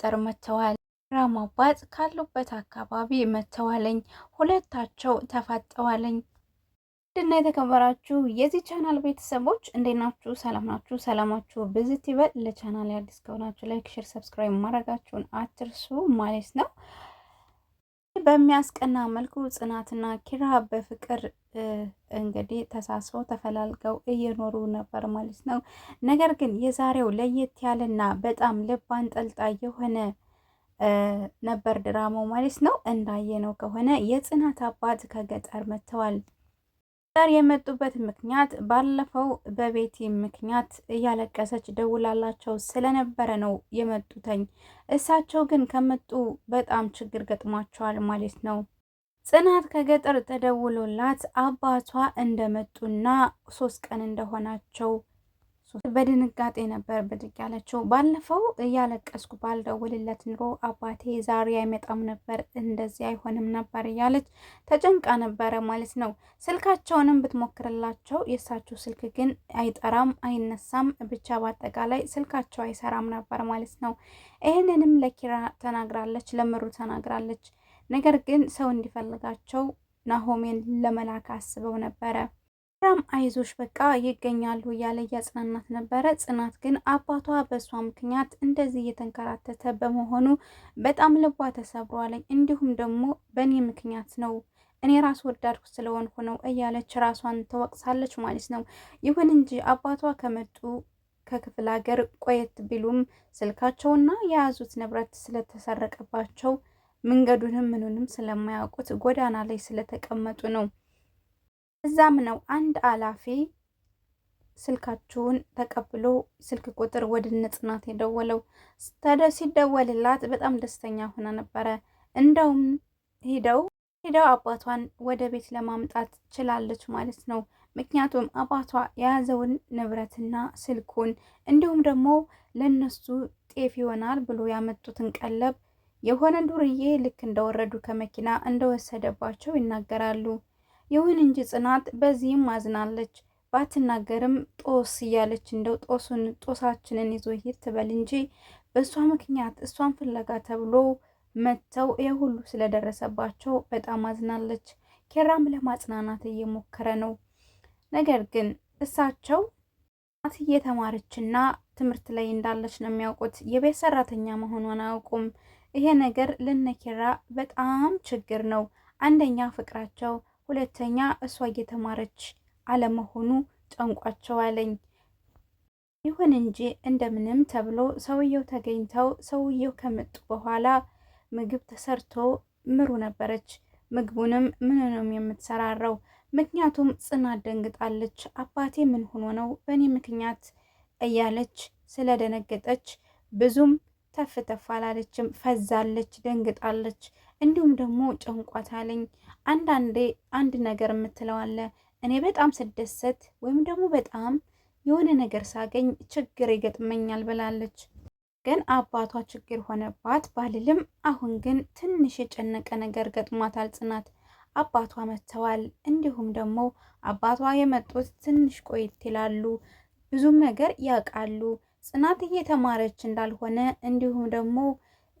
ቁጥጥር መጥተዋል። ራማባጥ አባት ካሉበት አካባቢ መጥተዋለኝ። ሁለታቸው ተፋጠዋለኝ። ድና የተከበራችሁ የዚህ ቻናል ቤተሰቦች እንዴት ናችሁ? ሰላም ናችሁ? ሰላማችሁ ብዝት ይበል። ለቻናል አዲስ ከሆናችሁ ላይክ፣ ሼር፣ ሰብስክራይብ ማድረጋችሁን አትርሱ ማለት ነው። በሚያስቀና መልኩ ጽናትና ኪራ በፍቅር እንግዲህ ተሳስበው ተፈላልገው እየኖሩ ነበር ማለት ነው። ነገር ግን የዛሬው ለየት ያለና በጣም ልብ አንጠልጣይ የሆነ ነበር ድራማው ማለት ነው። እንዳየነው ከሆነ የጽናት አባት ከገጠር መጥተዋል። ዳር የመጡበት ምክንያት ባለፈው በቤቲ ምክንያት እያለቀሰች ደውላላቸው ስለነበረ ነው የመጡተኝ። እሳቸው ግን ከመጡ በጣም ችግር ገጥሟቸዋል ማለት ነው። ጽናት ከገጠር ተደውሎላት አባቷ እንደመጡና ሶስት ቀን እንደሆናቸው በድንጋጤ ነበር ብድግ ያለችው። ባለፈው እያለቀስኩ ባልደውልለት ኑሮ አባቴ ዛሬ አይመጣም ነበር፣ እንደዚህ አይሆንም ነበር እያለች ተጨንቃ ነበረ ማለት ነው። ስልካቸውንም ብትሞክርላቸው የእሳቸው ስልክ ግን አይጠራም፣ አይነሳም፣ ብቻ በአጠቃላይ ስልካቸው አይሰራም ነበር ማለት ነው። ይህንንም ለኪራ ተናግራለች፣ ለምሩ ተናግራለች። ነገር ግን ሰው እንዲፈልጋቸው ናሆሜን ለመላክ አስበው ነበረ ኪራም አይዞሽ በቃ ይገኛሉ እያለ እያጽናናት ነበረ። ጽናት ግን አባቷ በእሷ ምክንያት እንደዚህ እየተንከራተተ በመሆኑ በጣም ልቧ ተሰብሯለኝ፣ እንዲሁም ደግሞ በእኔ ምክንያት ነው እኔ ራስ ወዳድኩ ስለሆንኩ ነው እያለች ራሷን ተወቅሳለች ማለት ነው። ይሁን እንጂ አባቷ ከመጡ ከክፍለ ሀገር ቆየት ቢሉም ስልካቸውና የያዙት ንብረት ስለተሰረቀባቸው መንገዱንም ምኑንም ስለማያውቁት ጎዳና ላይ ስለተቀመጡ ነው እዛም ነው አንድ አላፊ ስልካችሁን ተቀብሎ ስልክ ቁጥር ወደ ነጽናት የደወለው። ሲደወልላት በጣም ደስተኛ ሆና ነበረ። እንደውም ሄደው ሄደው አባቷን ወደ ቤት ለማምጣት ችላለች ማለት ነው። ምክንያቱም አባቷ የያዘውን ንብረትና ስልኩን እንዲሁም ደግሞ ለነሱ ጤፍ ይሆናል ብሎ ያመጡትን ቀለብ የሆነ ዱርዬ ልክ እንደወረዱ ከመኪና እንደወሰደባቸው ይናገራሉ። ይሁን እንጂ ጽናት በዚህም አዝናለች። ባትናገርም ጦስ እያለች እንደው ጦሱን ጦሳችንን ይዞ ሂድ ትበል እንጂ በእሷ ምክንያት እሷን ፍለጋ ተብሎ መጥተው ይህ ሁሉ ስለደረሰባቸው በጣም አዝናለች። ኬራም ለማጽናናት እየሞከረ ነው። ነገር ግን እሳቸው ናት እየተማረችና ትምህርት ላይ እንዳለች ነው የሚያውቁት። የቤት ሰራተኛ መሆኗን አያውቁም። ይሄ ነገር ለነኬራ በጣም ችግር ነው። አንደኛ ፍቅራቸው ሁለተኛ እሷ እየተማረች አለመሆኑ ጨንቋቸዋለኝ። ይሁን እንጂ እንደምንም ተብሎ ሰውየው ተገኝተው ሰውየው ከመጡ በኋላ ምግብ ተሰርቶ ምሩ ነበረች። ምግቡንም ምንንም የምትሰራረው ምክንያቱም ጽናት ደንግጣለች። አባቴ ምን ሆኖ ነው በእኔ ምክንያት እያለች ስለደነገጠች ብዙም ተፍ አላለችም። ፈዛለች፣ ደንግጣለች። እንዲሁም ደግሞ ጨንቋታለኝ። አንዳንዴ አንድ ነገር የምትለው አለ። እኔ በጣም ስደሰት ወይም ደግሞ በጣም የሆነ ነገር ሳገኝ ችግር ይገጥመኛል ብላለች። ግን አባቷ ችግር ሆነባት ባልልም፣ አሁን ግን ትንሽ የጨነቀ ነገር ገጥሟታል ጽናት። አባቷ መጥተዋል። እንዲሁም ደግሞ አባቷ የመጡት ትንሽ ቆየት ይላሉ፣ ብዙም ነገር ያውቃሉ። ጽናት እየተማረች እንዳልሆነ እንዲሁም ደግሞ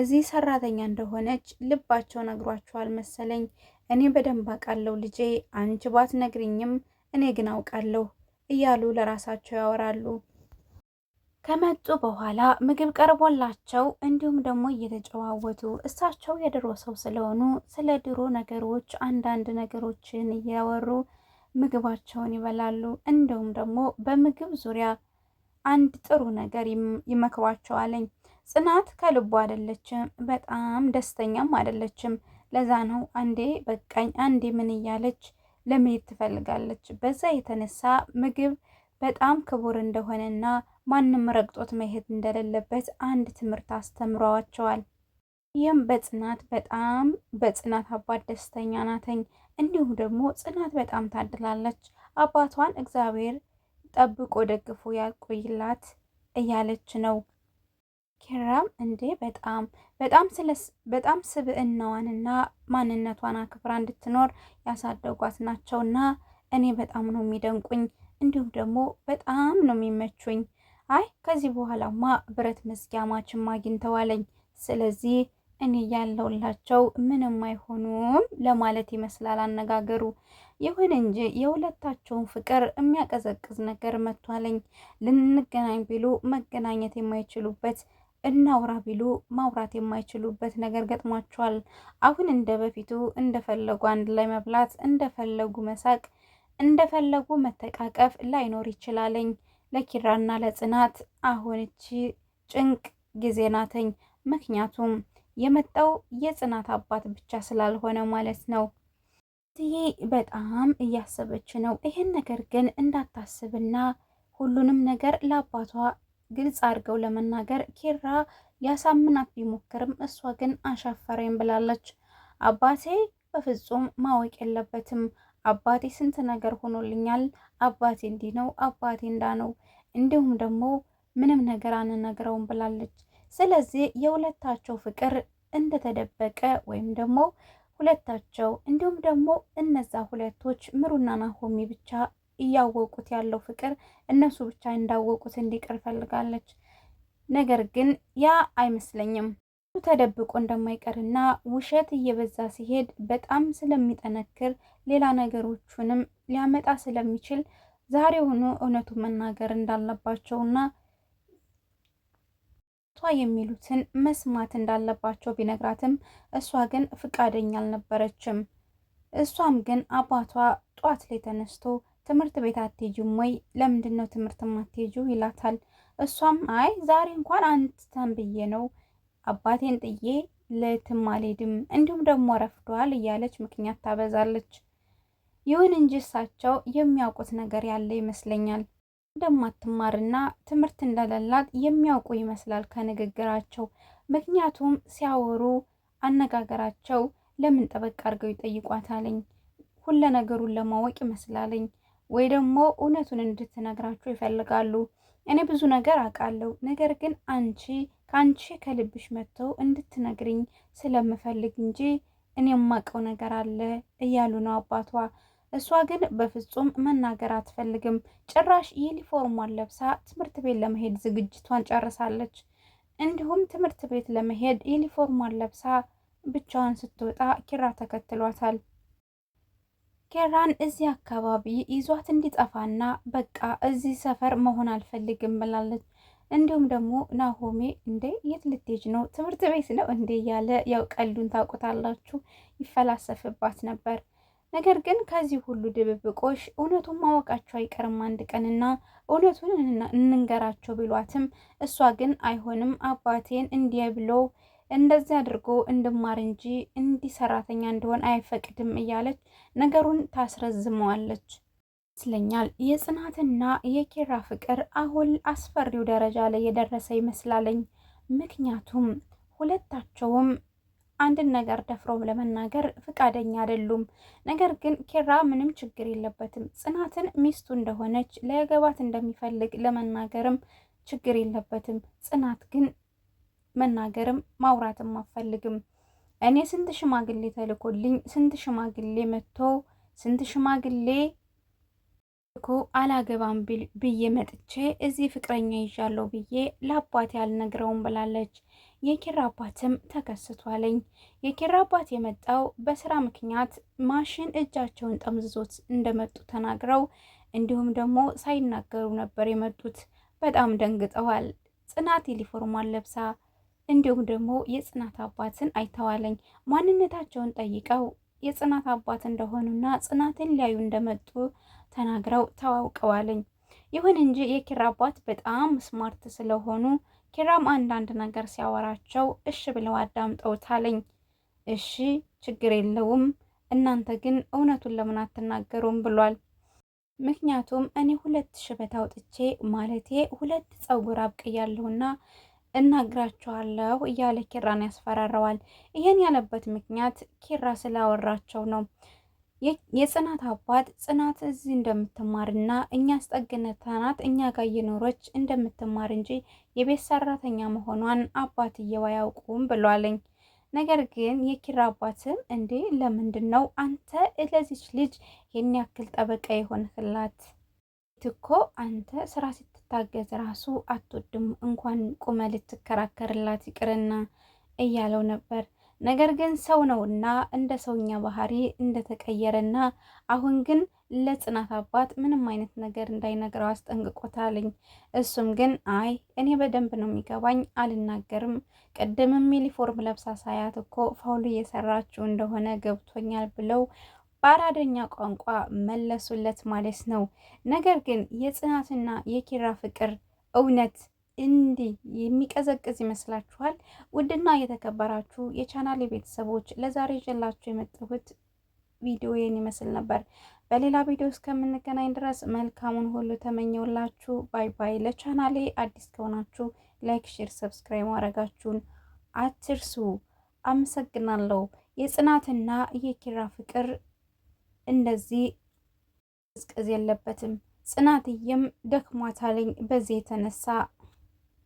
እዚህ ሰራተኛ እንደሆነች ልባቸው ነግሯቸዋል መሰለኝ። እኔ በደንብ አውቃለሁ ልጄ፣ አንቺ ባትነግሪኝም እኔ ግን አውቃለሁ እያሉ ለራሳቸው ያወራሉ። ከመጡ በኋላ ምግብ ቀርቦላቸው እንዲሁም ደግሞ እየተጨዋወቱ እሳቸው የድሮ ሰው ስለሆኑ ስለ ድሮ ነገሮች አንዳንድ ነገሮችን እያወሩ ምግባቸውን ይበላሉ። እንዲሁም ደግሞ በምግብ ዙሪያ አንድ ጥሩ ነገር ይመክሯቸዋለኝ። ጽናት ከልቡ አይደለችም፣ በጣም ደስተኛም አይደለችም። ለዛ ነው አንዴ በቃኝ አንዴ ምን እያለች ለመሄድ ትፈልጋለች። በዛ የተነሳ ምግብ በጣም ክቡር እንደሆነና ማንም ረግጦት መሄድ እንደሌለበት አንድ ትምህርት አስተምረዋቸዋል። ይህም በጽናት በጣም በጽናት አባት ደስተኛ ናተኝ። እንዲሁም ደግሞ ጽናት በጣም ታድላለች። አባቷን እግዚአብሔር ጠብቆ ደግፎ ያቆይላት እያለች ነው ኪራም እንዴ በጣም በጣም ስለ በጣም ስብዕናዋንና ማንነቷን አክብራ እንድትኖር ያሳደጓት ናቸውና እኔ በጣም ነው የሚደንቁኝ። እንዲሁም ደግሞ በጣም ነው የሚመቹኝ። አይ ከዚህ በኋላማ ብረት መዝጊያ ማችም አግኝተዋለኝ። ስለዚህ እኔ ያለውላቸው ምንም አይሆኑም ለማለት ይመስላል አነጋገሩ። ይሁን እንጂ የሁለታቸውን ፍቅር የሚያቀዘቅዝ ነገር መጥቷለኝ። ልንገናኝ ቢሉ መገናኘት የማይችሉበት እናውራ ቢሉ ማውራት የማይችሉበት ነገር ገጥሟቸዋል። አሁን እንደ በፊቱ እንደፈለጉ አንድ ላይ መብላት፣ እንደፈለጉ መሳቅ፣ እንደፈለጉ መተቃቀፍ ላይኖር ይችላለኝ። ለኪራና ለጽናት አሁን እቺ ጭንቅ ጊዜ ናተኝ። ምክንያቱም የመጣው የጽናት አባት ብቻ ስላልሆነ ማለት ነው። ትዬ በጣም እያሰበች ነው። ይህን ነገር ግን እንዳታስብና ሁሉንም ነገር ለአባቷ ግልጽ አድርገው ለመናገር ኪራ ያሳምናት ቢሞክርም እሷ ግን አሻፈረኝ ብላለች። አባቴ በፍጹም ማወቅ የለበትም። አባቴ ስንት ነገር ሆኖልኛል። አባቴ እንዲህ ነው፣ አባቴ እንዳ ነው፣ እንዲሁም ደግሞ ምንም ነገር አንነግረውም ብላለች። ስለዚህ የሁለታቸው ፍቅር እንደተደበቀ ወይም ደግሞ ሁለታቸው እንዲሁም ደግሞ እነዛ ሁለቶች ምሩና ናሆሚ ብቻ እያወቁት ያለው ፍቅር እነሱ ብቻ እንዳወቁት እንዲቀር ፈልጋለች። ነገር ግን ያ አይመስለኝም ተደብቆ እንደማይቀርና ውሸት እየበዛ ሲሄድ በጣም ስለሚጠነክር ሌላ ነገሮቹንም ሊያመጣ ስለሚችል ዛሬውኑ እውነቱ መናገር እንዳለባቸውና እሷ የሚሉትን መስማት እንዳለባቸው ቢነግራትም እሷ ግን ፍቃደኛ አልነበረችም። እሷም ግን አባቷ ጧት ላይ ተነስቶ ትምህርት ቤት አትሄጂም ወይ? ለምንድን ነው ትምህርት ማትሄጂው? ይላታል። እሷም አይ ዛሬ እንኳን አንተ ብዬ ነው አባቴን ጥዬ ለትም አልሄድም፣ እንዲሁም ደግሞ ረፍዷል እያለች ምክንያት ታበዛለች። ይሁን እንጂ እሳቸው የሚያውቁት ነገር ያለ ይመስለኛል። እንደማትማርና ትምህርት እንደሌላት የሚያውቁ ይመስላል ከንግግራቸው። ምክንያቱም ሲያወሩ አነጋገራቸው ለምን ጠበቅ አድርገው ይጠይቋታልኝ ሁለ ነገሩን ለማወቅ ይመስላልኝ። ወይ ደግሞ እውነቱን እንድትነግራችሁ ይፈልጋሉ። እኔ ብዙ ነገር አውቃለሁ፣ ነገር ግን አንቺ ከአንቺ ከልብሽ መጥተው እንድትነግርኝ ስለምፈልግ እንጂ እኔ የማውቀው ነገር አለ እያሉ ነው አባቷ። እሷ ግን በፍጹም መናገር አትፈልግም። ጭራሽ ዩኒፎርሟን ለብሳ ትምህርት ቤት ለመሄድ ዝግጅቷን ጨርሳለች። እንዲሁም ትምህርት ቤት ለመሄድ ዩኒፎርሟን ለብሳ ብቻዋን ስትወጣ ኪራ ተከትሏታል። ኬራን እዚህ አካባቢ ይዟት እንዲጠፋና በቃ እዚህ ሰፈር መሆን አልፈልግም ብላለች። እንዲሁም ደግሞ ናሆሜ እንዴ የት ልትሄጂ ነው? ትምህርት ቤት ነው እንዴ እያለ ያው ቀልዱን ታውቁታላችሁ ይፈላሰፍባት ነበር። ነገር ግን ከዚህ ሁሉ ድብብቆሽ እውነቱን ማወቃቸው አይቀርም አንድ ቀንና እውነቱን እንንገራቸው ብሏትም እሷ ግን አይሆንም አባቴን እንዲህ ብሎ እንደዚህ አድርጎ እንድማር እንጂ እንዲህ ሰራተኛ እንደሆን አይፈቅድም እያለች ነገሩን ታስረዝመዋለች ይመስለኛል። የጽናትና የኪራ ፍቅር አሁን አስፈሪው ደረጃ ላይ የደረሰ ይመስላለኝ። ምክንያቱም ሁለታቸውም አንድን ነገር ደፍሮም ለመናገር ፍቃደኛ አይደሉም። ነገር ግን ኪራ ምንም ችግር የለበትም። ጽናትን ሚስቱ እንደሆነች ለገባት እንደሚፈልግ ለመናገርም ችግር የለበትም። ጽናት ግን መናገርም ማውራትም አፈልግም እኔ ስንት ሽማግሌ ተልኮልኝ ስንት ሽማግሌ መጥቶ ስንት ሽማግሌ እኮ አላገባም ብዬ መጥቼ እዚህ ፍቅረኛ ይዣለሁ ብዬ ለአባቴ አልነግረውም ብላለች። የኪራ አባትም ተከስቷለኝ። የኪራ አባት የመጣው በስራ ምክንያት ማሽን እጃቸውን ጠምዝዞት እንደመጡ ተናግረው እንዲሁም ደግሞ ሳይናገሩ ነበር የመጡት። በጣም ደንግጠዋል። ጽናት ዩኒፎርሟን ለብሳ እንዲሁም ደግሞ የጽናት አባትን አይተዋለኝ። ማንነታቸውን ጠይቀው የጽናት አባት እንደሆኑና ጽናትን ሊያዩ እንደመጡ ተናግረው ተዋውቀዋለኝ። ይሁን እንጂ የኪራ አባት በጣም ስማርት ስለሆኑ ኪራም አንዳንድ ነገር ሲያወራቸው እሺ ብለው አዳምጠውታለኝ። እሺ ችግር የለውም እናንተ ግን እውነቱን ለምን አትናገሩም ብሏል። ምክንያቱም እኔ ሁለት ሽበት አውጥቼ ማለቴ ሁለት ጸጉር አብቅያለሁና እናግራቸዋለሁ እያለ ኪራን ያስፈራረዋል። ይህን ያለበት ምክንያት ኪራ ስላወራቸው ነው። የጽናት አባት ጽናት እዚህ እንደምትማርና እኛ አስጠግነታናት እኛ ጋር እየኖረች እንደምትማር እንጂ የቤት ሰራተኛ መሆኗን አባትየው አያውቁም ብሏለኝ። ነገር ግን የኪራ አባትም እንዴ ለምንድን ነው አንተ ለዚች ልጅ ይህን ያክል ጠበቃ የሆንክላት? ትኮ አንተ ስራ ልትታገዝ ራሱ አትወድም፣ እንኳን ቁመ ልትከራከርላት ይቅርና እያለው ነበር። ነገር ግን ሰው ነውና እንደ ሰውኛ ባህሪ እንደተቀየረና አሁን ግን ለጽናት አባት ምንም አይነት ነገር እንዳይነግረው አስጠንቅቆታለኝ። እሱም ግን አይ እኔ በደንብ ነው የሚገባኝ፣ አልናገርም። ቅድምም ዩኒፎርም ለብሳ ሳያት እኮ ፋውሉ እየሰራችው እንደሆነ ገብቶኛል ብለው በአራደኛ ቋንቋ መለሱለት ማለት ነው። ነገር ግን የጽናትና የኪራ ፍቅር እውነት እንዲህ የሚቀዘቅዝ ይመስላችኋል? ውድና የተከበራችሁ የቻናሌ ቤተሰቦች ለዛሬ ይዤላችሁ የመጣሁት ቪዲዮዬን ይመስል ነበር። በሌላ ቪዲዮ እስከምንገናኝ ድረስ መልካሙን ሁሉ ተመኘውላችሁ። ባይ ባይ። ለቻናሌ አዲስ ከሆናችሁ ላይክ፣ ሼር፣ ሰብስክራይብ ማድረጋችሁን አትርሱ። አመሰግናለሁ። የጽናትና የኪራ ፍቅር እንደዚህ ቅዝቅዝ የለበትም። ጽናትዬም ደክሟታለኝ። በዚህ የተነሳ